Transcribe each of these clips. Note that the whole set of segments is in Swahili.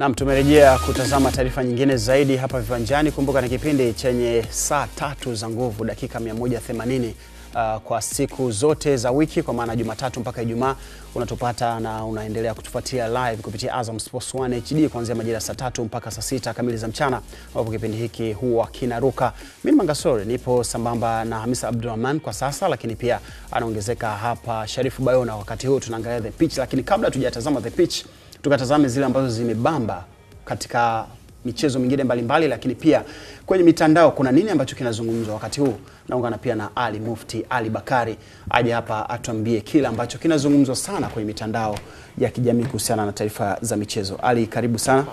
Nam, tumerejea kutazama taarifa nyingine zaidi hapa Viwanjani. Kumbuka ni kipindi chenye saa tatu za nguvu, dakika 180 uh, kwa siku zote za wiki, kwa maana Jumatatu mpaka Ijumaa unatupata na unaendelea kutufuatia live kupitia Azam Sports 1 HD kuanzia majira saa tatu mpaka saa sita kamili za mchana, ambapo kipindi hiki huwa kinaruka. Mimi Mangasore nipo sambamba na Hamisa Abdurrahman kwa sasa, lakini pia anaongezeka hapa Sharifu Bayona. Wakati huu tunaangalia the pitch, lakini kabla tujatazama the pitch tukatazame zile ambazo zimebamba katika michezo mingine mbalimbali, lakini pia kwenye mitandao kuna nini ambacho kinazungumzwa wakati huu. Naungana pia na Ali Mufti Ali Bakari aje hapa atuambie kile ambacho kinazungumzwa sana kwenye mitandao ya kijamii kuhusiana na taarifa za michezo. Ali, karibu sana.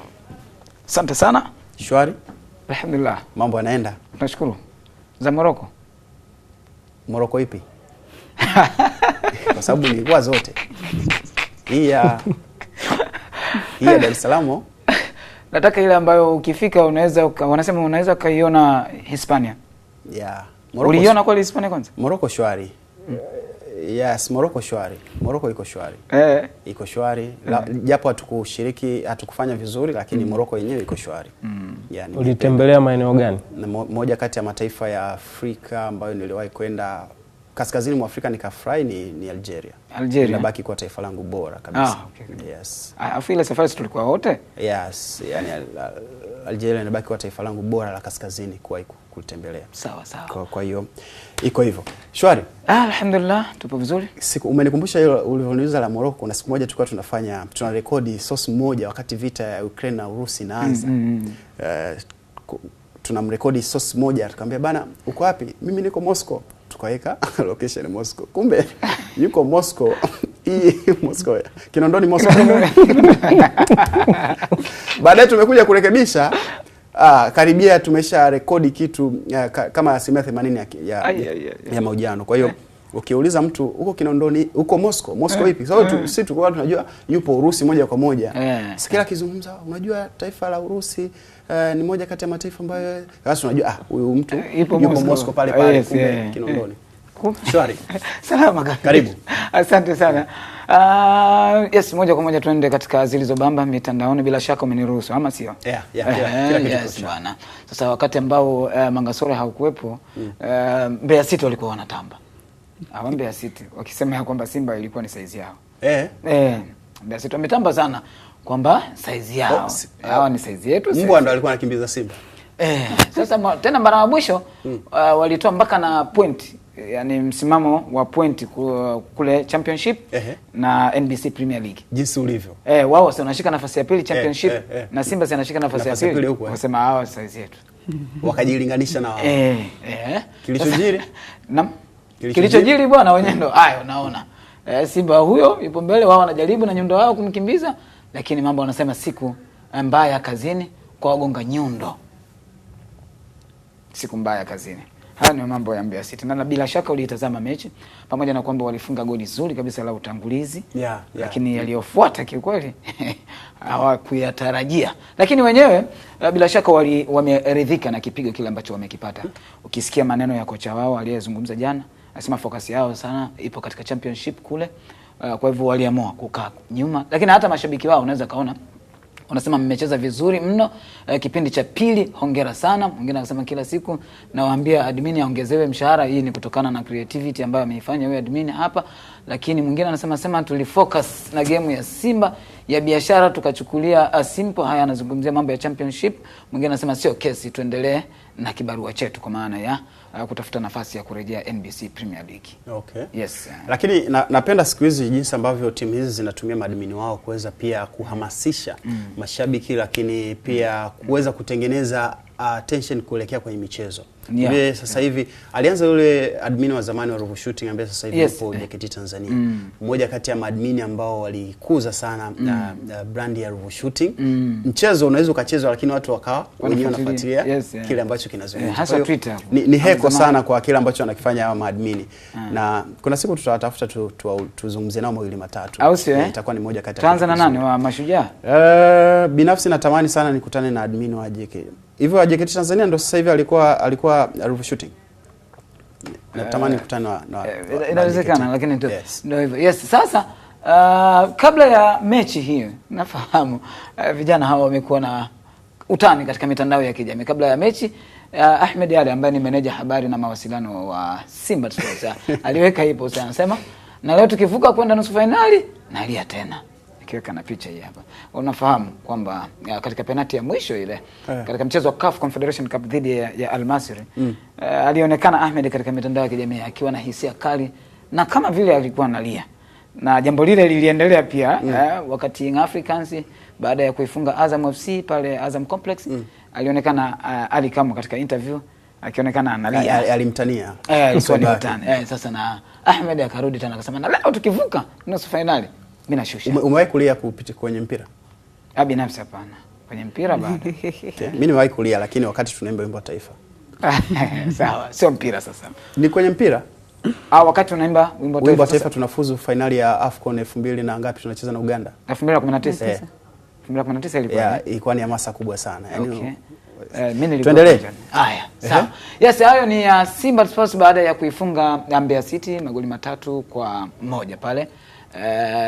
Asante sana. Shwari? Alhamdulillah. Mambo yanaenda? Tunashukuru. Za Moroko? Moroko ipi? Kwa sababu nilikuwa zote. ya hii ya Dar es Salaam nataka ile ambayo ukifika unaweza wanasema unaweza ukaiona Hispania. Yeah. Uliona kweli Hispania kwanza? Morocco shwari. Mm. Yes, Morocco shwari. Morocco iko shwari. Eh. Iko shwari. Mm. Japo hatukushiriki, hatukufanya vizuri lakini mm. Morocco yenyewe iko shwari. Mm. Yani, ulitembelea maeneo gani? Na moja kati ya mataifa ya Afrika ambayo niliwahi kwenda kaskazini mwa Afrika nikafurahi ni, ni Algeria. Algeria Nabaki kuwa taifa langu bora kabisa. Ah, okay. Yes. Ah, Afu ile safari tulikuwa wote? Yes, yani uh, Algeria inabaki kuwa taifa langu bora la kaskazini kuwahi kutembelea. Sawa sawa. Kwa kwa hiyo iko hivyo. Shwari. Ah, alhamdulillah tupo vizuri. Siku umenikumbusha hilo ulivyoniuliza la Morocco na siku moja tulikuwa tunafanya tunarekodi source moja wakati vita ya Ukraine na Urusi inaanza. Mm mm, mm. Uh, tunamrekodi source moja tukamwambia bana, uko wapi? Mimi niko Moscow tukaweka location Moscow, kumbe yuko Moscow hii Moscow Kinondoni Moscow. Baadaye tumekuja kurekebisha ah, karibia tumesha rekodi kitu ya, eh, ka, kama asilimia themanini ya, ya, ya, ya, ya, ya mahojiano kwa hiyo Ukiuliza mtu huko Kinondoni, huko Moscow, Moscow ipi? Sasa so, mm. sisi tulikuwa tunajua yupo Urusi moja kwa moja. Eh, Sikila kizungumza, unajua taifa la Urusi uh, ni moja kati ya mataifa ambayo sasa unajua ah, huyu mtu uh, yupo Moscow, Moscow pale pale yes, eh, kumbe yeah. Kinondoni. Kumbe. Shwari. Salama kaka. Karibu. Asante sana. Uh, yes, moja kwa moja tuende katika zilizobamba mitandaoni. Bila shaka umeniruhusu ama sio? yeah, yeah, yeah. Kila kitu yes, bwana. Sasa wakati ambao uh, Mangasore haukuwepo mm. uh, Mbeya City walikuwa wanatamba awambe ya City wakisema ya kwamba Simba ilikuwa ni saizi yao eh, eh, Mbeya City wametamba sana kwamba saizi yao Oh, hawa ni saizi yetu. Mbwa ndo alikuwa anakimbiza Simba eh. Sasa ma, tena mara ya mwisho hmm, uh, walitoa mpaka na point yani msimamo wa point kule championship eh, na NBC Premier League jinsi ulivyo eh, wao si wanashika nafasi ya pili eh, championship eh, eh, eh. na Simba si anashika nafasi, nafasi ya pili eh. wakasema hawa saizi yetu wakajilinganisha na wao eh, eh. Kilichojiri Kilichojiri bwana wenyewe ndo hayo naona. E, eh, Simba huyo yupo mbele, wao wanajaribu na nyundo wao kumkimbiza, lakini mambo wanasema siku eh, mbaya kazini kwa wagonga nyundo, siku mbaya kazini. Haya ni mambo ya Mbeya City, na bila shaka uliitazama mechi, pamoja na kwamba walifunga goli zuri kabisa la utangulizi yeah, yeah. Lakini yaliyofuata kiukweli hawakuyatarajia, lakini wenyewe eh, bila shaka wameridhika na kipigo kile ambacho wamekipata. Ukisikia maneno ya kocha wao aliyezungumza jana Anasema focus yao sana ipo katika championship kule. Uh, kwa hivyo waliamua kukaa nyuma, lakini hata mashabiki wao unaweza kaona wanasema mmecheza vizuri mno uh, kipindi cha pili, hongera sana. Mwingine anasema kila siku nawaambia admin aongezewe mshahara, hii ni kutokana na creativity ambayo ameifanya huyo admin hapa. Lakini mwingine anasema sema tulifocus na game ya Simba ya biashara tukachukulia uh, simple. Haya, anazungumzia mambo ya championship. Mwingine anasema sio kesi, tuendelee na kibarua chetu kwa maana ya uh, kutafuta nafasi ya kurejea NBC Premier League. Okay. Yes. Uh, lakini na, napenda siku hizi jinsi ambavyo timu hizi zinatumia maadmini wao kuweza pia kuhamasisha mm. mashabiki lakini pia mm. kuweza kutengeneza uh, tension kuelekea kwenye michezo yeah. Yule sasa hivi yeah. alianza yule admin wa zamani wa Ruvu Shooting ambaye sasa hivi yupo yes. Eh. JKT Tanzania mm. mmoja kati ya maadmini ambao walikuza sana mm. uh, brand ya Ruvu Shooting mm. mchezo unaweza ukachezwa, lakini watu wakawa wenyewe wanafuatilia yes, yeah. kile ambacho kinazungumzwa yeah, hasa Twitter ni, ni heko sana kwa kile ambacho wanakifanya hawa maadmini yeah. na kuna siku tutawatafuta tu, tu, tu, tuzungumzie nao mawili matatu au sio? Eh? eh? itakuwa ni moja kati ya Tanzania nani wa mashujaa uh, binafsi natamani sana nikutane na admin wa JKT hivyo JKT Tanzania ndo sasa hivi alikuwa alikuwa roof shooting. Natamani eh, kukutana na na, eh, inawezekana lakini ndio yes. hivyo. Yes, sasa uh, kabla ya mechi hii nafahamu uh, vijana hawa wamekuwa na utani katika mitandao ya kijamii kabla ya mechi uh, Ahmed Ali ambaye ni meneja habari na mawasiliano wa Simba Sports aliweka hipo, anasema na leo tukivuka kwenda nusu fainali nalia tena kiweka na picha hii hapa, unafahamu kwamba katika penati ya mwisho ile yeah. katika mchezo wa CAF Confederation Cup dhidi ya, ya Al Masry mm. uh, alionekana Ahmed katika mitandao ya kijamii akiwa na hisia kali na kama vile alikuwa analia na jambo lile liliendelea pia mm. uh, wakati Young Africans baada ya kuifunga Azam FC pale Azam Complex mm. alionekana uh, Ali Kamwe katika interview akionekana analia, alimtania eh, ni mtani eh, sasa na Ahmed akarudi tena akasema, na leo tukivuka nusu finali mimi nashusha. Ume, umewahi kulia kupita kwenye mpira? Ah, binafsi hapana. Kwenye mpira bado. Mimi nimewahi kulia lakini wakati tunaimba wimbo wa taifa. Sawa, sio mpira sasa. Ni kwenye mpira? Ah, wakati tunaimba wimbo wa taifa. Wimbo wa taifa tunafuzu fainali ya AFCON 2000 na ngapi tunacheza na Uganda? 2019. 2019 eh. ilikuwa. Yeah, ilikuwa ni hamasa kubwa sana. Yaani okay. Uh, tuendelee. Haya, sawa. Yes, hayo ni uh, Simba Sports baada ya kuifunga Mbeya City magoli matatu kwa moja pale uh,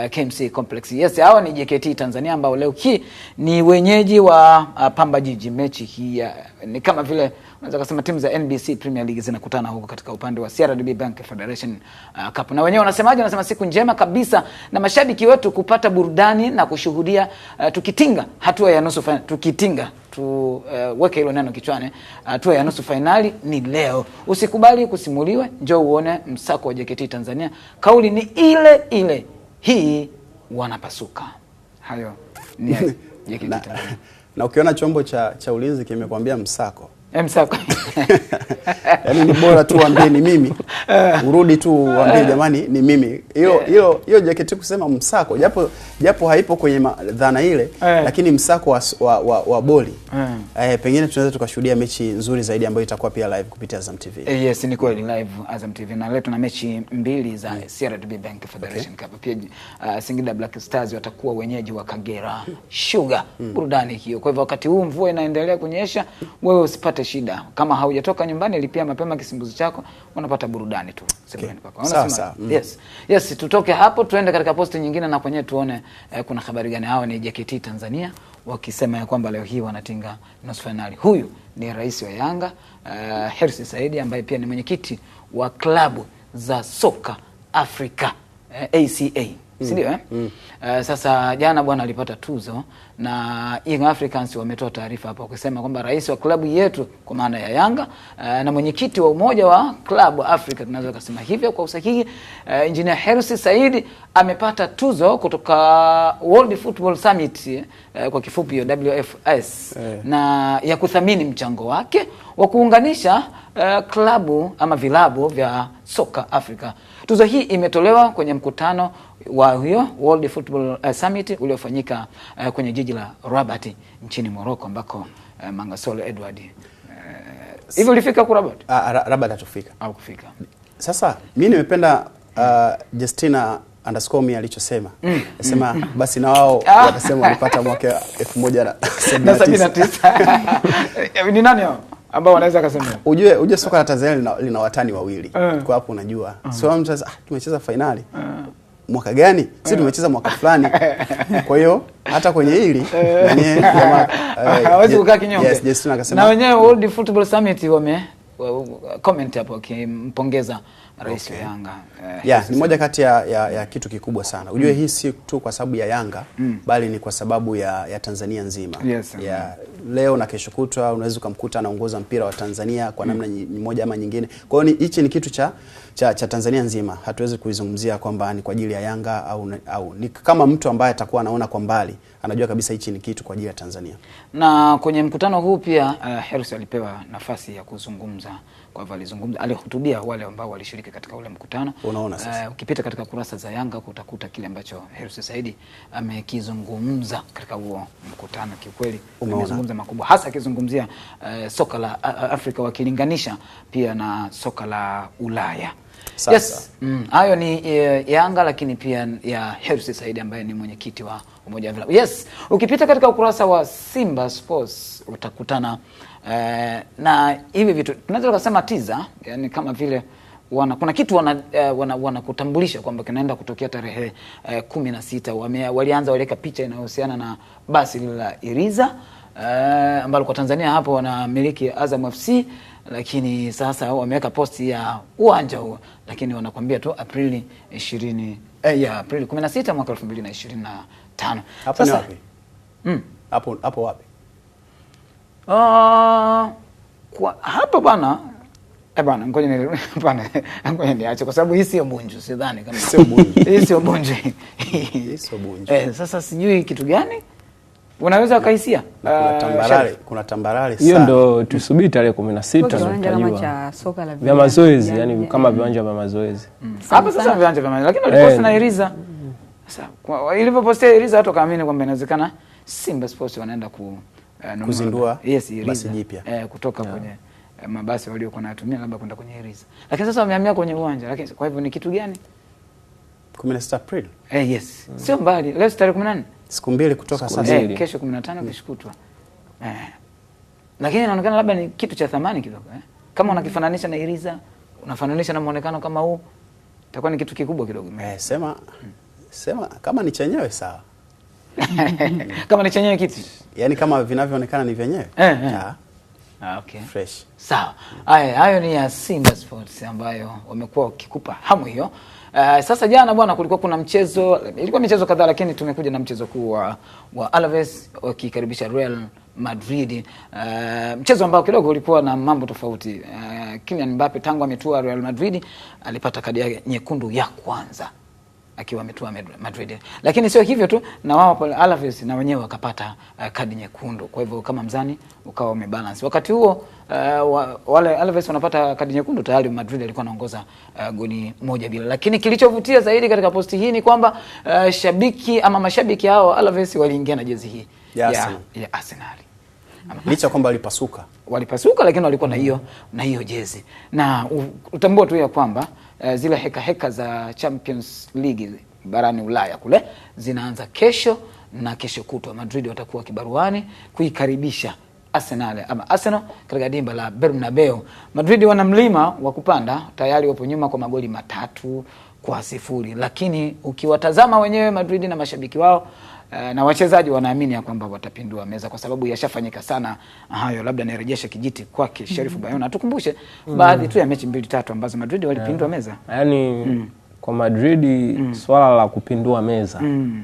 eh, KMC Complex. Yes, hawa ni JKT Tanzania ambao leo hii ni wenyeji wa uh, Pamba Jiji mechi hii ya ni kama vile unaweza kusema timu za NBC Premier League zinakutana huko katika upande wa CRDB Bank Federation uh, Cup. Na wenyewe wanasemaje? Wanasema siku njema kabisa na mashabiki wetu kupata burudani na kushuhudia uh, tukitinga hatua ya nusu fainali, tukitinga tuweke uh, hilo neno kichwani. Hatua uh, ya nusu fainali ni leo, usikubali kusimuliwe, njoo uone msako wa JKT Tanzania. Kauli ni ile ile, hii wanapasuka. Hayo ni JKT Tanzania na ukiona chombo cha, cha ulinzi kimekwambia msako yaani ni bora tu waambie ni mimi, urudi tu waambie eh. jamani, ni mimi. Hiyo eh. hiyo yeah. hiyo jaketi kusema msako, japo japo haipo kwenye dhana ile, yeah. lakini msako wa, wa, wa, wa boli eh. eh, pengine tunaweza tukashuhudia mechi nzuri zaidi ambayo itakuwa pia live kupitia Azam TV. yes, ni kweli live Azam TV, na leo tuna mechi mbili za CRDB mm. Bank Federation okay. Cup. Pia uh, Singida Black Stars watakuwa wenyeji wa Kagera Sugar. Mm. Burudani hiyo. Kwa hivyo wakati huu mvua inaendelea kunyesha, wewe usipate usipate shida. Kama haujatoka nyumbani, lipia mapema kisimbuzi chako, unapata burudani tu. Okay. Sawa Mm. Yes. Yes, tutoke hapo tuende katika posti nyingine na kwenyewe tuone eh, kuna habari gani. Hao ni JKT Tanzania wakisema ya kwamba leo hii wanatinga nusu finali. Huyu ni rais wa Yanga uh, Hersi Saidi ambaye pia ni mwenyekiti wa klabu za soka Afrika eh, ACA mm. si ndio eh? mm. Uh, sasa jana bwana alipata tuzo na Young Africans wametoa taarifa hapa wakisema kwamba rais wa klabu yetu kwa maana ya Yanga uh, na mwenyekiti wa umoja wa klabu Afrika tunaweza kusema hivyo kwa usahihi uh, Engineer Hersi Said amepata tuzo kutoka World Football Summit uh, kwa kifupi hiyo WFS eh, na ya kuthamini mchango wake wa kuunganisha uh, klabu ama vilabu vya soka Afrika. Tuzo hii imetolewa kwenye mkutano wa hiyo World Football eh, Summit uliofanyika uh, kwenye jiji la Rabat nchini Morocco ambako uh, eh, Mangasolo Edward hivi uh, ulifika ku Rabat? Ah, Rabat hatufika. Au kufika. Sasa mimi nimependa uh, Justina underscore mi alichosema mm. Nasema mm. Basi na wao ah. Watasema walipata mwaka 1979 ni nani hao? ambao wanaweza kusema Ujue ujue soka la Tanzania lina, lina watani wawili. Uh. Eh. Kwa hapo unajua. Uh. so mtu ah, tumecheza finali Uh. Mwaka gani? uh, Sisi eh. tumecheza mwaka fulani. Kwa hiyo hata kwenye hili wenyewe eh. hawezi kukaa kinyonge. Yes, yes, tunakasema. Na wenyewe World Football Summit wame comment hapo, okay, kimpongeza rais okay. wa Yanga eh, yeah, ni moja kati ya, ya, ya kitu kikubwa sana ujue, mm. hii si tu kwa sababu ya Yanga mm. bali ni kwa sababu ya, ya Tanzania nzima yes, ya, Leo na kesho kutwa unaweza ukamkuta anaongoza mpira wa Tanzania kwa mm. namna mm. moja ama nyingine. Kwa hiyo hichi ni kitu cha, cha, cha Tanzania nzima, hatuwezi kuizungumzia kwamba ni kwa ajili ya Yanga au, au ni kama mtu ambaye atakuwa anaona kwa mbali, anajua kabisa hichi ni kitu kwa ajili ya Tanzania. Na kwenye mkutano huu pia uh, eh, Hersi alipewa nafasi ya kuzungumza kwa hivyo alizungumza, alihutubia wale ambao walishiriki katika ule mkutano. Unaona eh, sasa, uh, ukipita katika kurasa za Yanga utakuta kile ambacho Hersi saidi amekizungumza katika huo mkutano. Kiukweli amezungumza makubwa, hasa akizungumzia uh, soka la eh, Afrika wakilinganisha pia na soka la Ulaya. Sasa. Yes. Mm, hayo ni uh, Yanga lakini pia ya Hersi saidi ambaye ni mwenyekiti wa Umoja wa Vilabu. Yes, ukipita katika ukurasa wa Simba Sports utakutana E, na hivi vitu tunaweza tukasema tiza, yani kama vile wana, kuna kitu eh, wanakutambulisha wana, wana kwamba kinaenda kutokea tarehe e, kumi na sita. Walianza waliweka picha inayohusiana na basi lile la Iriza e, ambalo kwa Tanzania hapo wanamiliki Azam FC, lakini sasa wameweka posti ya uwanja huo, lakini wanakwambia tu Aprili 20 eh, ya Aprili 16 mwaka 2025. Hapo sasa, wapi? Mm, hapo hapo wapi? Uh, kwa hapa bwana eh bwana, ngoja ni bwana, ngoja niache kwa sababu hii sio bunju, sidhani kama sio bunju, hii sio bunju, hii sio bunju. Eh, sasa sijui kitu gani unaweza ukahisia eh, kuna tambarare, kuna tambarare sana. Hiyo ndo tusubiri tarehe 16 kwa ndio tutajua vya mazoezi, yani yeah. kama viwanja vya mazoezi mm. hapa. Sasa viwanja vya mazoezi, lakini waliposti eh. na Iriza sasa ilivyopostia Iriza watu kaamini kwamba inawezekana Simba Sports wanaenda ku uh, kuzindua yes, basi jipya eh, kutoka yeah. kwenye eh, mabasi waliokuwa natumia labda kwenda kwenye Iriza, lakini sasa wamehamia kwenye uwanja. Lakini kwa hivyo ni kitu gani? 16 April eh, yes mm. sio mbali, leo tarehe 18, siku mbili kutoka siku sasa eh, kesho 15 kesho mm. kishukutwa eh, lakini inaonekana labda ni kitu cha thamani kidogo eh, kama unakifananisha na Iriza unafananisha na muonekano kama huu, itakuwa ni kitu kikubwa kidogo eh, sema mm. sema kama ni chenyewe sawa kama ni chenyewe kitu, yaani kama vinavyoonekana ni vyenyewe eh, eh. Ah. ah, okay. Fresh. Sawa. Haya, hayo ni ya Simba Sports ambayo wamekuwa wakikupa hamu hiyo. Uh, sasa jana bwana, kulikuwa kuna mchezo, ilikuwa michezo kadhaa, lakini tumekuja na mchezo kuu wa, wa Alaves wakikaribisha Real Madrid. Uh, mchezo ambao kidogo ulikuwa na mambo tofauti. Uh, Kylian Mbappe tangu ametua Real Madrid alipata kadi yake nyekundu ya kwanza akiwa ametua Madrid, lakini sio hivyo tu, na wao Alaves na wenyewe wakapata uh, kadi nyekundu. Kwa hivyo kama mzani ukawa umebalance. Wakati huo uh, wale Alaves wanapata kadi nyekundu, tayari Madrid alikuwa anaongoza uh, goli moja bila. Lakini kilichovutia zaidi katika posti hii ni kwamba uh, shabiki ama mashabiki hao Alaves waliingia na jezi hii ya, ya, ya Arsenal licha kwamba walipasuka walipasuka, lakini walikuwa na hiyo na hiyo jezi na utambua tu ya kwamba Eh, zile heka heka za Champions League barani Ulaya kule zinaanza kesho na kesho kutwa. Madrid watakuwa kibaruani kuikaribisha Arsenal ama Arsenal katika dimba la Bernabeu. Madrid wana mlima wa kupanda, tayari wapo nyuma kwa magoli matatu kwa sifuri, lakini ukiwatazama wenyewe Madrid na mashabiki wao Eh, na wachezaji wanaamini ya kwamba watapindua meza kwa sababu yashafanyika sana hayo. Labda nirejeshe kijiti kwake mm-hmm. Sherifu Bayona, tukumbushe mm. baadhi tu ya mechi mbili tatu ambazo Madrid walipindua yeah. meza yani mm. kwa Madrid mm. swala la kupindua meza mm.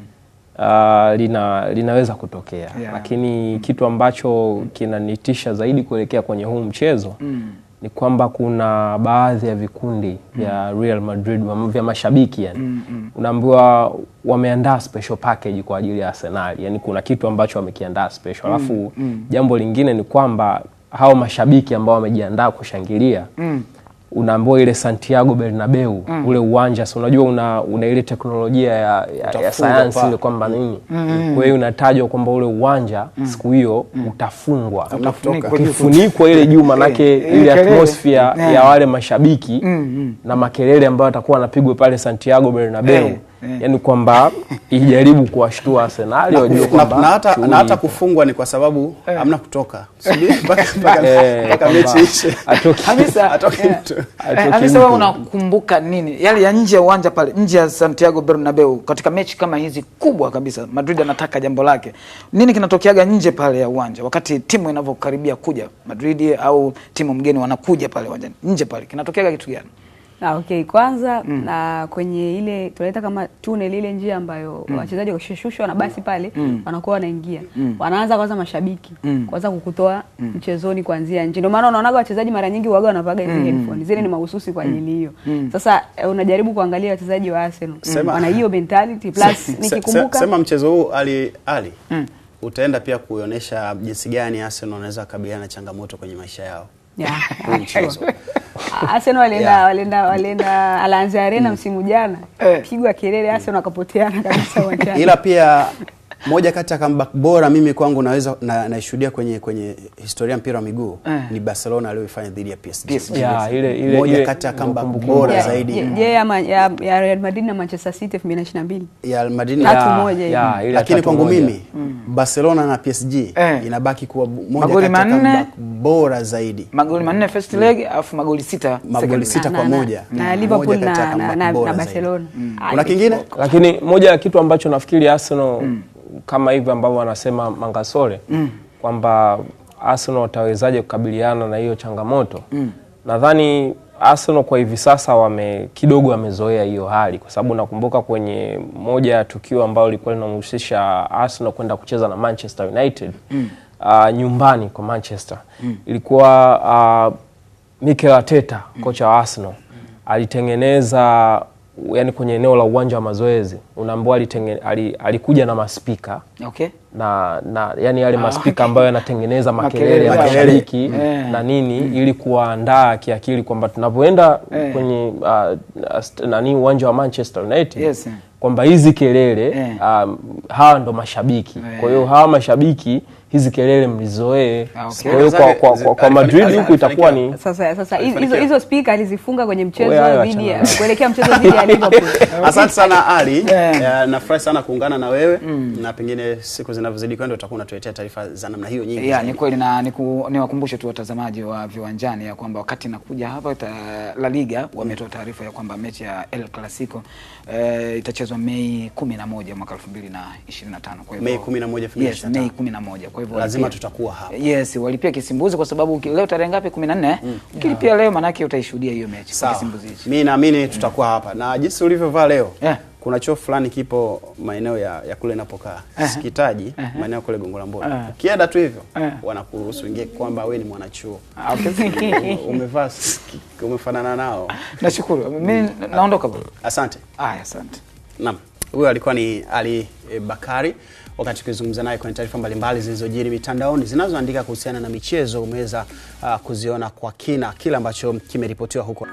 Uh, lina, linaweza kutokea yeah. Lakini mm. kitu ambacho kinanitisha zaidi kuelekea kwenye huu mchezo mm ni kwamba kuna baadhi ya vikundi mm. vya mm. Real Madrid vya mashabiki yani. mm, mm. Unaambiwa wameandaa special package kwa ajili ya Arsenal, yani kuna kitu ambacho wamekiandaa special mm, alafu mm, mm. Jambo lingine ni kwamba hao mashabiki ambao wamejiandaa kushangilia mm unaambiwa ile Santiago Bernabeu mm. ule uwanja si unajua una, una ile teknolojia ya, ya, ya sayansi ile kwamba nini mm. mm, mm. kwa hiyo unatajwa kwamba ule uwanja mm. siku hiyo mm. utafungwa ukifunikwa ile juu eh, manake eh, ile atmosphere yeah. ya eh. wale mashabiki mm, mm. na makelele ambayo atakuwa anapigwa pale Santiago Bernabeu yeah. Eh. yani kwamba ijaribu kuwashtua Arsenal wajue kwamba na hata na hata kufungwa ni kwa sababu eh, hamna kutoka eh, mpaka mechi ishe, atoki Hamisa, atoki mtu eh, Hamisa. Wewe unakumbuka nini yale ya nje ya uwanja pale nje ya Santiago Bernabeu, katika mechi kama hizi kubwa kabisa? Madrid anataka jambo lake, nini kinatokeaga nje pale ya uwanja wakati timu inavyokaribia kuja Madrid au timu mgeni wanakuja pale uwanjani, nje pale kinatokeaga kitu gani? Ah, okay, kwanza mm. na kwenye ile tunaita kama tunnel ile njia ambayo mm. wachezaji wakishushwa na basi mm. pale mm. wanakuwa wanaingia mm. wanaanza kwanza mashabiki mm. kwanza kukutoa mm. mchezoni kuanzia nje. Ndio maana unaonaga wachezaji mara nyingi waga wanapaga hizo mm. headphone zile ni mm. mahususi kwa mm. ajili hiyo mm. Sasa eh, unajaribu kuangalia wachezaji wa Arsenal mm. wana hiyo mentality plus se, nikikumbuka sema mchezo huu ali ali mm. utaenda pia kuonyesha jinsi gani Arsenal anaweza kukabiliana na changamoto kwenye maisha yao. Yeah, Arsenal walienda yeah. walienda walienda Al Arena msimu jana, eh. pigwa kelele Arsenal wakapoteana kabisa uwanjani. Ila pia moja kati ya comeback bora mimi kwangu naweza na, naishuhudia kwenye kwenye historia mpira wa miguu eh, ni Barcelona aliyoifanya dhidi ya PSG. PSG. Yeah, ile ile moja kati ya comeback bora yeah, zaidi. Je, yeah, yeah, ya ya, Real Madrid na Manchester City 2022. Ya Real Madrid na tatu moja yeah, hiyo. Lakini kwangu mimi mm, Barcelona na PSG eh, inabaki kuwa moja kati ya comeback bora zaidi. Magoli manne first mm. leg afu magoli sita magoli sita kwa moja. Na mm. Liverpool na na Barcelona. Mm. Kuna ah, kingine? Lakini moja ya kitu ambacho nafikiri Arsenal kama hivyo ambavyo wanasema Mangasole mm. kwamba Arsenal watawezaje kukabiliana na hiyo changamoto mm. nadhani Arsenal kwa hivi sasa wame kidogo wamezoea hiyo hali, kwa sababu nakumbuka kwenye moja ya tukio ambalo lilikuwa linamhusisha Arsenal kwenda kucheza na Manchester United mm. uh, nyumbani kwa Manchester mm. ilikuwa uh, Mikel Arteta mm. kocha wa Arsenal mm. alitengeneza yani kwenye eneo la uwanja wa mazoezi unaambiwa alikuja na maspika okay. na, na yani yale ah, maspika okay. ambayo yanatengeneza makelele ya mashariki mm. na eh. nini mm. ili kuwaandaa kiakili kwamba tunapoenda yeah. kwenye uh, nani uwanja wa Manchester United yes. kwamba hizi kelele yeah. Eh. um, hawa ndo mashabiki yeah. kwa hiyo hawa mashabiki hizi kelele mlizoee. Ah, okay. Kwa kwa, kwa, kwa, kwa Madrid huku itakuwa ni sasa sasa hizo hizo spika alizifunga kwenye mchezo kuelekea mchezo Liverpool. Asante sana Ali. Yeah. Nafurahi sana kuungana na wewe mm. na pengine siku zinavyozidi kwenda utakuwa unatuletea taarifa za namna hiyo nyingi. Yeah, ni kweli na niwakumbushe tu watazamaji wa Viwanjani ya kwamba wakati nakuja hapa ta, La Liga wametoa taarifa ya kwamba mechi ya El Clasico eh, itachezwa Mei 11 mwaka 2025. Kwa hiyo Mei 11 2025. Yes, Mei 11. Kwa hivyo lazima tutakuwa hapa. Yes, walipia kisimbuzi kwa sababu leo tarehe ngapi? 14. Mm. Ukilipia leo manake utaishuhudia hiyo mechi kwa kisimbuzi hicho. Mimi naamini tutakuwa mm. hapa. Na jinsi ulivyovaa leo. Yeah. Kuna choo fulani kipo maeneo ya, ya kule napokaa eh. sikitaji eh. maeneo kule Gongo la Mboto. Eh. Ukienda tu hivyo wanakuruhusu ingie kwamba wewe ni mwanachuo. Ah, Umevaa umefanana nao. Nashukuru. Mimi mm. naondoka bwana. Asante. Haya, asante. Naam. Huyo alikuwa ni Ali Bakari wakati ukizungumza naye kwenye taarifa mbalimbali zilizojiri mitandaoni zinazoandika kuhusiana na michezo umeweza uh, kuziona kwa kina kile ambacho kimeripotiwa huko.